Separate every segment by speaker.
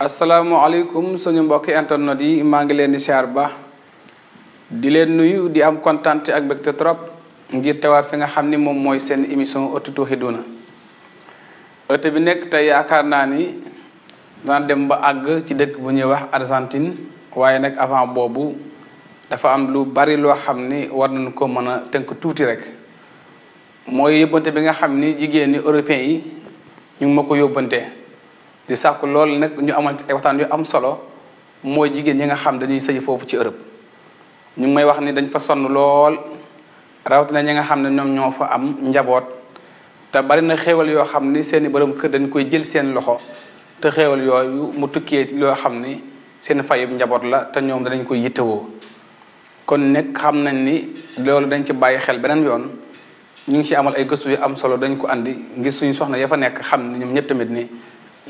Speaker 1: asalaamualeykum suñu mbokki internet yi maa ngi leen di siyaar baax di leen nuyu di am kontaan ak mbégte trop ngir tewaat fi nga xam ni moom mooy seen émission ëttu Tawhiduna ëtt bi nekk tey yaakaar naa ni dana dem ba àgg ci dëkk bu ñuy wax Argentine waaye nag avant boobu dafa am lu bari loo xam ni war nañ ko mën a tënk tuuti rek mooy yóbbante bi nga xam ni jigéen ñi européen yi ñu ma ko yóbbante di sàkku loolu nag ñu amal ci ay waxtaan yu am solo mooy jigéen ñi nga xam dañuy sëy foofu ci ërëb ñu ngi may wax ni dañ fa sonn lool rawatina ñi nga xam ne ñoom ñoo fa am njaboot te bari na xéewal yoo xam ni seen i borom kër dañ koy jël seen loxo te xéewal yooyu mu tukkee loo xam ni seen fayub njaboot la te ñoom danañ koy yittewoo kon nag xam nañ ni loolu dañ ci bàyyi xel beneen yoon ñu ngi ci amal ay gëstu yu am solo dañ ko andi ngir suñu soxna ya fa nekk xam ni ñoom ñëpp tamit ni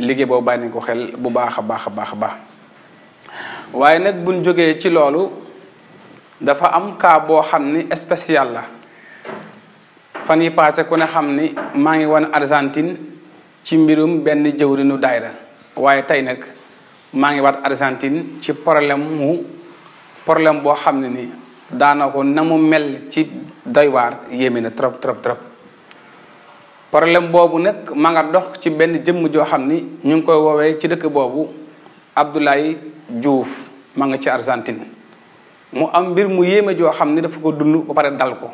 Speaker 1: liggéey boobu bàyyi nañ ko xel bu baax a baax a baax a baax waaye nag buñ jógee ci loolu dafa am kaa boo xam ni spécial la fan yi passé ku ne xam ni maa ngi wan Argentine ci mbirum benn jëwrinu daayra waaye tey nag maa ngi waat Argentine ci problème mu problème boo xam ne ni daana ko na mu mel ci doy yéeme na trop trop trop problème boobu nag ma nga dox ci benn jëmm joo xam ni ñu ngi koy woowee ci dëkk boobu Abdoulaye juuf ma nga ci Argentine mu am mbir mu yéeme joo xam ni dafa ko dund ba pare dal ko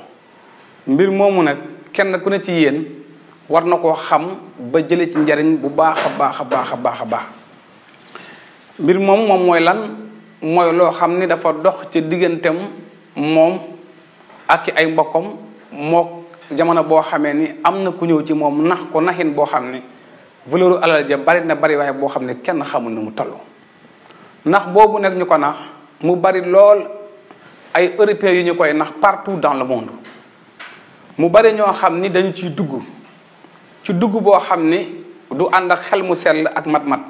Speaker 1: mbir moomu nag kenn ku ne ci yéen war na koo xam ba jële ci njariñ bu baax baax baax a baax a baax mbir moom moom mooy lan mooy loo xam ni dafa dox ci digganteem moom ak ay mbokkam moo jamono boo xamee ni am na ku ñëw ci moom nax ko naxin boo xam ne valeuru alal ja bari na bari waaye boo xam ne kenn xamul nu mu toll nax boobu nag ñu ko nax mu bari lool ay européens yu ñu koy nax partout dans le monde mu bari ñoo xam ni dañu ciy dugg ci dugg boo xam ni du ànd ak xel mu sell ak mat-mat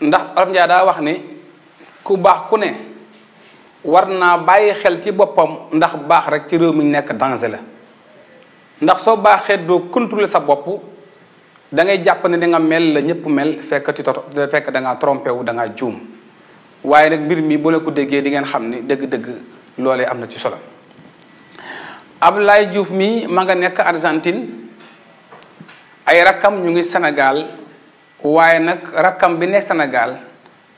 Speaker 1: ndax Olof Njaay daa wax ni ku baax ku ne warna bayi xel ci bopam ndax bax rek ci réew mi nekk danger la ndax so baxé do contrôler sa bop da ngay japp ne nga mel la ñepp mel fekk ci tot fekk da nga tromper wu da nga joom waye nak mbir mi bo la ko déggé di ngeen xamni ni dëgg lolé amna ci solo ablay Diouf mi ma nga nek Argentine ay rakam ñu ngi Sénégal waye nak rakam bi nekk Sénégal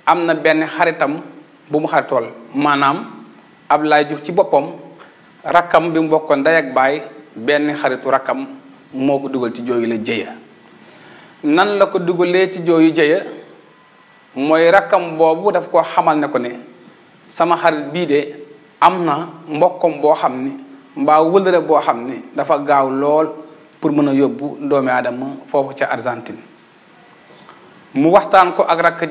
Speaker 1: amna ben xaritam bu mu xar tool maanaam Abdoulaye Diouf ci boppam rakkam bi mbokkoon bokkoon ndey ak baay benn xaritu rakkam moo ko dugal ci jooyu la jëya nan la ko dugalee ci jooyu jëya mooy rakkam boobu daf ko xamal ne ko ne sama xarit bii de am na mbokkam boo xam ni mbaa wëlëre boo xam ne dafa gaaw lool pour mën a yóbbu doomi aadama foofu ca Argentine mu waxtaan ko ak rakk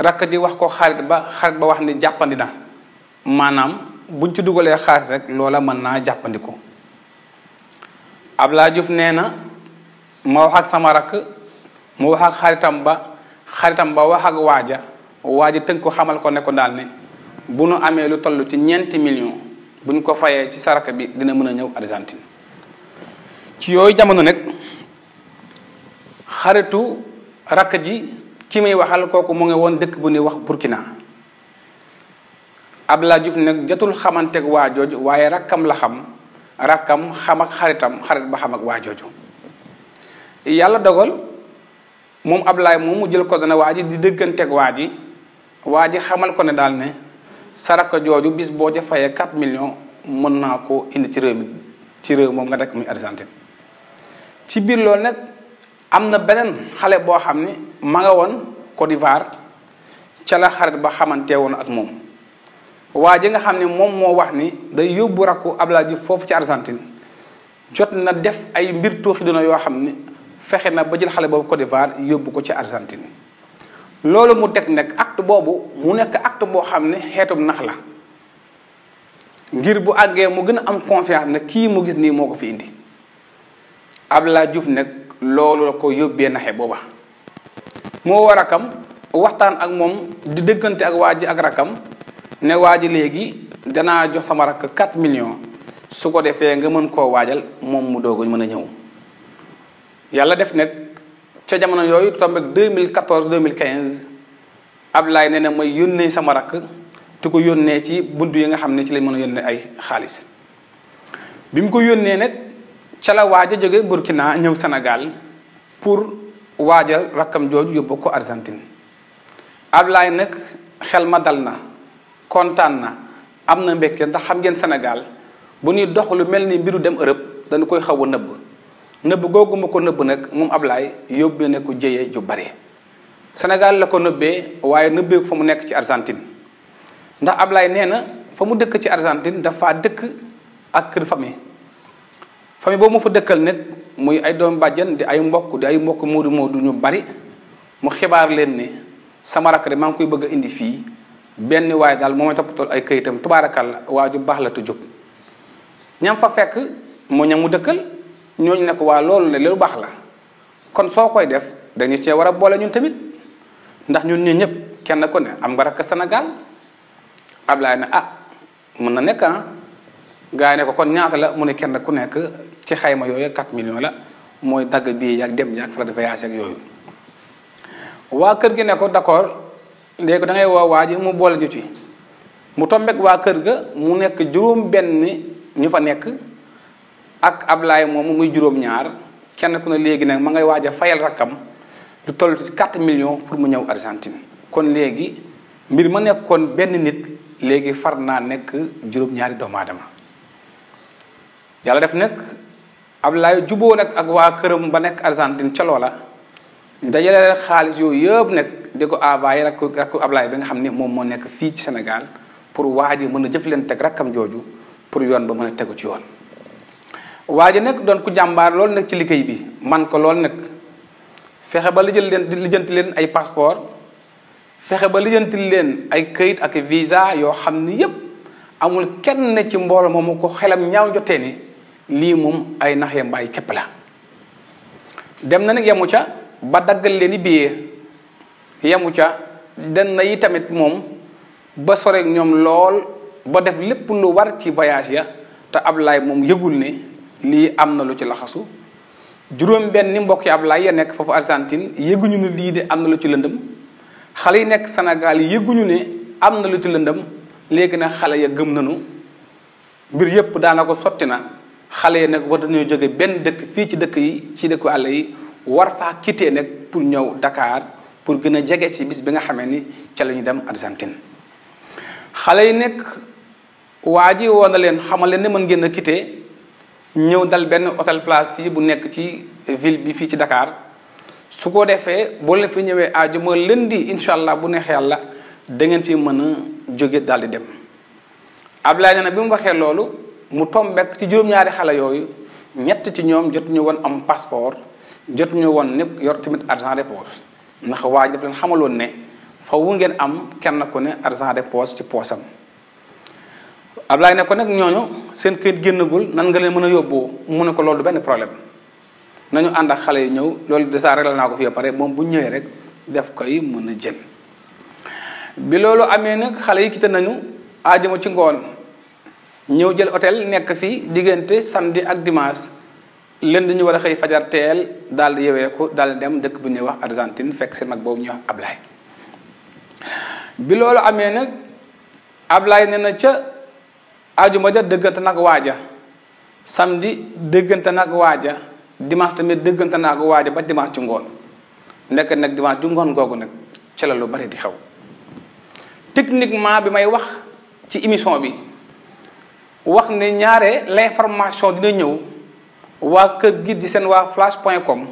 Speaker 1: rakk ji wax ko xarit ba xarit ba wax ni jàppandi na maanaam buñ ci dugalee xaalis rek loola mën naa jàppandiku laa Diouf nee na ma wax ak sama rakk mu wax ak xaritam ba xaritam ba wax ak waaja waaja tënk ko xamal ko nekko daal ne bu nu amee lu toll ci ñeenti million buñ ko fayee ci sa rakk bi dina mën a ñëw Argentine ci yooyu jamono nag xaritu rakk ji ki muy waxal kooku mu ngi woon dëkk bu ñuy wax Burkina Abdoulaye Diouf nag jotul xamanteeg waa jooju waaye rakkam la xam rakkam xam ak xaritam xarit ba xam ak waa yàlla dogal moom Abdoulaye moom mu jël ko dana waa ji di dëgganteeg waa ji waa ji xamal ko ne daal ne saraka jooju bis boo ca fayee 4 millions mën naa ko indi ci réew mi ci réew moom nga dekk muy Argentine ci biir loolu nag am na beneen xale boo xam ne ma nga woon Côte d'Ivoire ca la xarit ba xamante woon ak moom waa ji nga xam ne moom moo wax ni day yóbbu rakku Abdoulaye Diouf foofu ci Argentine jot na def ay mbir tuuxi duna yoo xam ne fexe na ba jël xale boobu Côte d'Ivoire yóbbu ko ci Argentine loolu mu teg nag acte boobu mu nekk acte boo xam ne xeetum nax la ngir bu àggee mu gën a am confiance ne kii mu gis nii moo ko fi indi ab laa juf nag loolu la ko yóbbee naxe booba moo war rakam waxtaan ak moom di dëggante ak waa ji ak rakam ne waa ji léegi danaa jox sama rakk 4 million su ko defee nga mën koo waajal moom mu doog mën a ñëw yàlla def nag ca jamono yooyu tombe ak 2014 2015 Ablaye nee na may yónnee sama rakk te ko yónnee ci bunt yi nga xam ne ci lañ mën a yónnee ay xaalis bi mu ko yónnee nag ca la waaj a jóge Burkina ñëw senegal waajal rakkam jooju yóbbu ko Argentine Ablaay nag xel ma dal na kontaan na am na mbégte ndax xam ngeen Sénégal bu nuy dox lu mel ni mbiru dem Europe dañu koy xaw nëbb nëbb googu ma ko nëbb nag moom Ablaay yóbbee ne ko jëyee ju bare Sénégal la ko nëbbee waaye nëbbee ko fa mu nekk ci Argentine ndax Ablaay nee na fa mu dëkk ci Argentine dafa dëkk ak kër famille famille boobu mu fa dëkkal nag muy ay doom bàjjan di ay mbokk di ay mbokk moodu moodu ñu bari mu xibaar leen ni sama rakk de maa ngi koy bëgg indi fii benn waaye daal moo may toppatoo ay këyitam tubaarakal waa ju baax la te jóg ñam fa fekk mu ñam mu dëkkal ñooñu ne ko waa loolu ne lu baax la kon soo koy def dañu cee war a boole ñun tamit ndax ñun ñii ñëpp kenn ku ne am nga rakk Sénégal Ablaye ne ah mën na nekk ah. gaa yi ne ko kon ñaata la mu ne kenn ku nekk ci xayma yooyu 4 million la mooy dagg bii yaag dem yaag frais de voyage ak yooyu waa kër gi ne ko d'accord léegi da ngay woo waa mu boole ñu ci mu tombeek waa kër ga mu nekk juróom benn ñu fa nekk ak Ablaay moomu muy juróom ñaar kenn ku ne léegi nag mu ngay waaj a fayal rakkam lu toll ci 4 million pour mu ñëw Argentine kon léegi mbir ma nekkoon benn nit léegi far naa nekk juróom-ñaari doomu aadama yàlla def nag Ablaye juboo nag ak waa këram ba nekk Argentine ca loola dajale xaalis yooyu yëpp nag di ko envoyé rakku rakku Ablaye bi nga xam ne moom moo nekk fii ci Sénégal pour waa ji mën a jëf leen teg jëflanteeg am jooju pour yoon ba mën a tegu ci yoon. waa ji nag doon ku jàmbaar lool nag ci liggéey bi man ko lool nag fexe ba lijël leen lijjanti leen ay passeport fexe ba lijjanti leen ay kayit ak visa yoo xam ni yëpp amul kenn ci mbooloo moomu ko xelam ñaaw jotee ni lii moom ay naxee mbaay képp la dem na nag yemu ca ba daggal leen i biyee yemu ca dem na yi tamit moom ba soreek ñoom lool ba def lépp lu war ci voyage ya te Ablaay moom yëgul ne lii am na lu ci laxasu juróom benn mbokk yi Ablaay ya nekk foofu Argentine yëguñu ne de am na ci lëndëm xale yi nekk Sénégal yëguñu ne am na lu ci lëndëm léegi nag xale ya gëm nañu mbir yépp daana ko sotti na xale yi nag war nañoo jóge benn dëkk fii ci dëkk yi ci dëkku àll yi war faa quitté nag pour ñëw Dakar pour gën a jege si bis bi nga xamee ni ca la dem Argentine xale yi nekk waa ji woon na leen xamal leen ne mën ngeen a quitté ñëw dal benn hôtel place fii bu nekk ci ville bi fii ci dakaar su ko defee boo leen fi ñëwee àjjuma lundi incha allah bu neexee yàlla da ngeen fi mën a jóge daal di dem ab nee na bi mu waxee loolu. mu tombek ci juróom-ñaari xale yooyu ñett ci ñoom jotuñu woon am passeport jotuñu woon ni yor tamit argent de poche ndax waa ji daf leen xamaloon ne fawu ngeen am kenn ku ne argent de poche ci poosam Ablaay ne ko nag ñooñu seen këyit génnagul nan nga leen mën a yóbboo mu ne ko loolu benn problème nañu ànd ak xale yi ñëw loolu de saa réglé naa ko fii pare moom bu ñëwee rek def koy mën a jën bi loolu amee nag xale yi quitté nañu aajama ci ngoon ñëw jël hôtel nekk fii diggante samedi ak dimaas lënd ñu war a xëy fajar teel daal di yeweeku daal dem dëkk bu ñuy wax Argentine fekk seen mag boobu ñuy wax Ablaye bi loolu amee nag Ablaye nee na ca ajuma ja dëggante nag waaja samedi dëggante nag waaja dimanche tamit dëggante nag waaja ba dimanche ci ngoon nekk nag dimanche ci ngoon googu nag ci la lu bari di xew techniquement bi may wax ci émission bi wax ne ñaare l'information dina ñëw waa kër gi di seen waa flash point com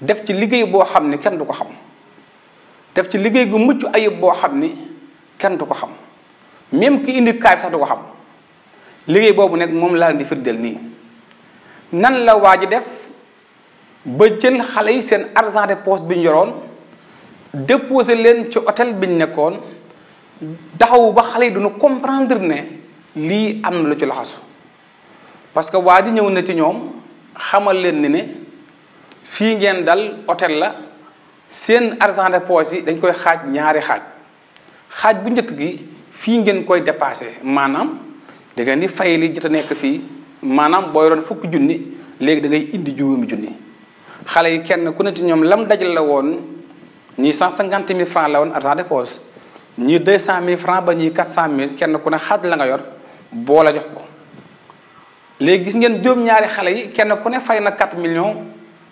Speaker 1: def ci liggéey boo xam ne kenn du ko xam def ci liggéey gu mucc ayib boo xam ni kenn du ko xam même ki indi kaay sax du ko xam liggéey boobu nag moom laa di firndeel nii nan la waa ji def ba jël xale yi seen argent de poche bi ñu yoroon déposé leen ci hôtel bi ñu nekkoon daxawu ba xale yi duñu comprendre ne lii am na lu ci laxasu parce que waa ji ñëw na ci ñoom xamal leen ni ne fii ngeen dal hôtel la seen argent de poche yi dañ koy xaaj ñaari xaaj xaaj bu njëkk gi fii ngeen koy dépassé maanaam da ngeen di fay li jot nekk fii maanaam boo doon fukki junni léegi da ngay indi juróomi junni xale yi kenn ku ne ci ñoom lam dajal la woon ñii cent cinquante mille francs la woon argent de poche ñii deux cent mille francs ba ñii quatre cent mille kenn ku ne xaaj la nga yor boo jox ko léegi gis ngeen juróom-ñaari xale yi kenn ku ne fay na 4 millions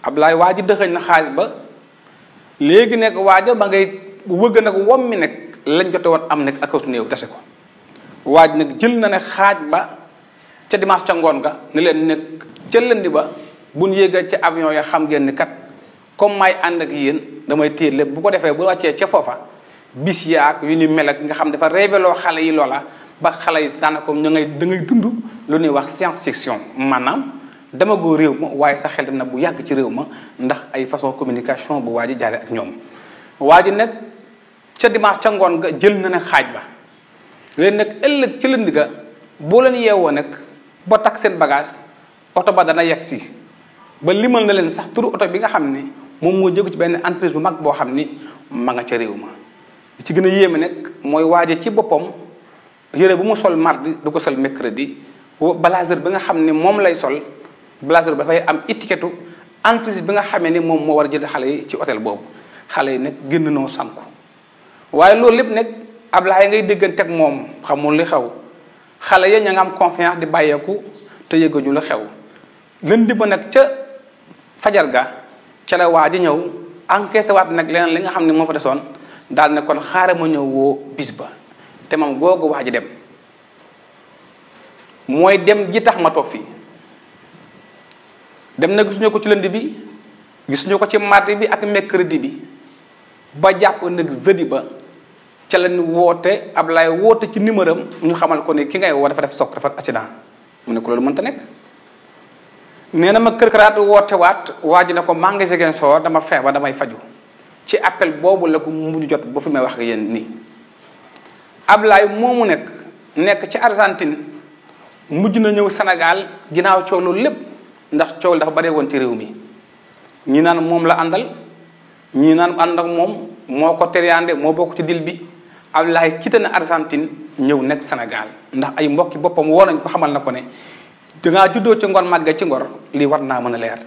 Speaker 1: Ablaay waa ji dëxëñ na xaalis ba léegi nekk waaja ba ngay wëgg nag wom mi nekk lañ jote woon am nekk ak asu néew dese ko waaj nag jël na ne xaaj ba ca dimanche ca ngoon ga ne leen nekk ca lëndi ba buñ yéegee ca avion ya xam ngeen ni kat comme may ànd ak yéen damay téye lépp bu ko defee bu wàccee ca foofa bis yaak yu ni mel nga xam dafa révéloo xale yi loola ba xale yi daanaka ñu ngay dund lu nuy wax science fiction maanaam dama réew ma waaye sax xel dem na bu yàgg ci réew ma ndax ay façon communication bu waa ji jaare ak ñoom waa ji nag ca dimanche ca ngoon ga jël na ne xaaj ba leen nag ëllëg ci lënd ga boo leen yeewoo nag boo takk seen bagage oto ba dana yegg si ba limal na leen sax turu oto bi nga xam ni moom moo jóge ci benn entreprise bu mag boo xam ni ma nga ca réew ma ci gën a yéeme nag mooy waaje ci boppam yére bu mu sol mardi du ko sol mercredi blazer bi nga xam ne moom lay sol blazer bi dafay am étiquetou entreprise bi nga xamee ni moom moo war a jël xale yi ci hôtel boobu xale yi nag génn noo sànku waaye loolu lépp nag Ablaye ngay déggante ak moom xamul li xew xale ya ña nga am confiance di bàyyeeku te yëgañu lu xew lundi ba nag ca fajar ga ca la waa ji ñëw encaissé waat nag leneen li nga xam ne moo fa desoon daal ne kon xaaral ma ñëw woo bis ba te moom googu wax dem mooy dem ji tax ma toog fii dem na gisuñu ko ci lundi bi gisuñu ko ci mardi bi ak mercredi bi ba jàpp nag jeudi ba ca lañu ab Ablaye woote ci numéro am ñu xamal ko ne ki ngay woo dafa def soog dafa accident mu ne ko loolu mënta nekk. nee na ma kër karaat woote waat waa ji ne ko maa ngi soo dama feebar damay faju ci appel boobu la ko mu jot ba fi may wax nek yéen nii ablaay moomu nekk nekk ci argentine mujj na ñëw sénégal ginnaaw coow loolu lépp ndax coow dafa bare woon ci réew mi ñi naan moom la àndal ñi naan ànd ak moom moo ko teriande moo bokk ci dil bi ablaay quitté na argentine ñëw nekk sénégal ndax ay mbokki boppam woo nañ ko xamal na ko ne dangaa juddoo ci ngor màgge ci ngor li war naa mën a leer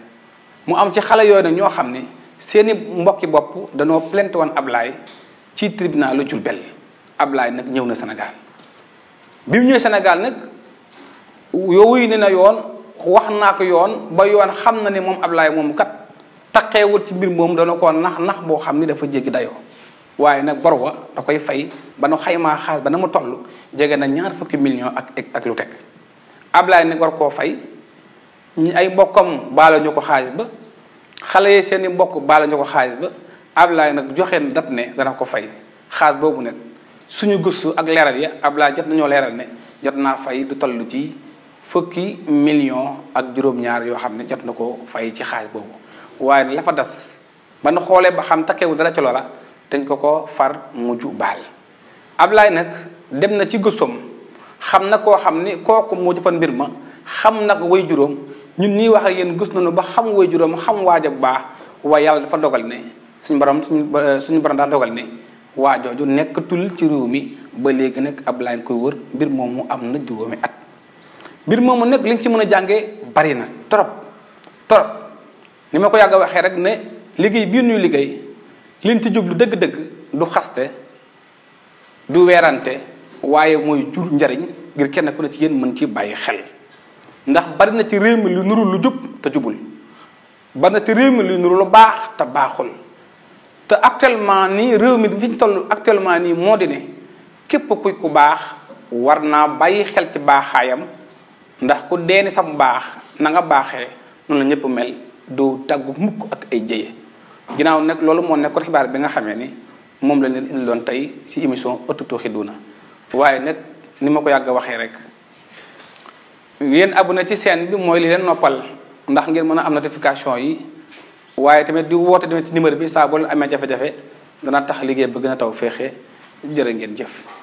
Speaker 1: mu am ci xale yooyu nag ñoo xam ne seeni mbokki bopp danoo plainte woon Ablaye ci tribunalu Diourbel Ablaye nag ñëw na senegaal bi mu ñëwee Sénégal nag yowuyu ne na yoon wax naa ko yoon ba yoon xam na ne moom ablaay moom kat taqeewut ci mbir moom dana ko nax nax boo xam ni dafa jéggi dayoo waaye nag bor wa da koy fay ba nu xaymaa xaal ba na mu toll jege na ñaar fukki million ak ak lu teg Ablaye nag war koo fay ay mbokkam baala ñu ko xaalis ba xale yee seen i mbokk baala ñu ko xaalis ba Ablaye nag joxe na dat ne dana ko fay xaalis boobu nag suñu gëstu ak leeral ya Ablaye jot nañoo leeral ne jot naa fay du toll ci fukki million ak juróom-ñaar yoo xam ne jot na ko fay ci xaalis boobu waaye la fa das ba nu xoolee ba xam takkewu dara ci loola dañ ko ko far mujj baal Ablaye nag dem na ci gëstoom xam na koo xam ni kooku moo jëfan mbir ma xam na ko juróom ñun ñuy wax ak yéen na nañu ba xam way juróom xam waaja bu baax waa yàlla dafa dogal ne suñu borom suñu suñu borom daa dogal ne waa jooju nekkatul ci réew mi ba léegi nag ab laay koy wër mbir moomu am na juróomi at mbir moomu nag liñ ci mën a jànge bari na trop trop ni ma ko yàgg a waxee rek ne liggéey bii ñuy liggéey liñ ci jublu dëgg-dëgg du xaste du weerante waaye mooy jur njariñ ngir kenn ku ne ci yéen mën ci bàyyi xel ndax barina na ci rewmi lu nuru lu jup te jubul barina na ci rewmi lu nuru lu bax te baxul te actuellement ni rewmi mi fi actuellement ni modine kep kuy ku bax warna naa xel ci baxayam ndax ku deni sam bax na nga baxé non la ñepp mel do tagu mukk ak ay jëye ginaaw nak lolu mo nekkoon xibaar bi nga xamé ni mom la leen indiloon tay ci émission ëttu tuuxi ko yagg waxé rek yéen abonné ci seen bi mooy li leen noppal ndax ngeen mën a am notification yi waaye tamit di woote demee ci numéro bi saa leen amee jafe-jafe dana tax liggéey bi gën a taw féexe jërë ngeen jëf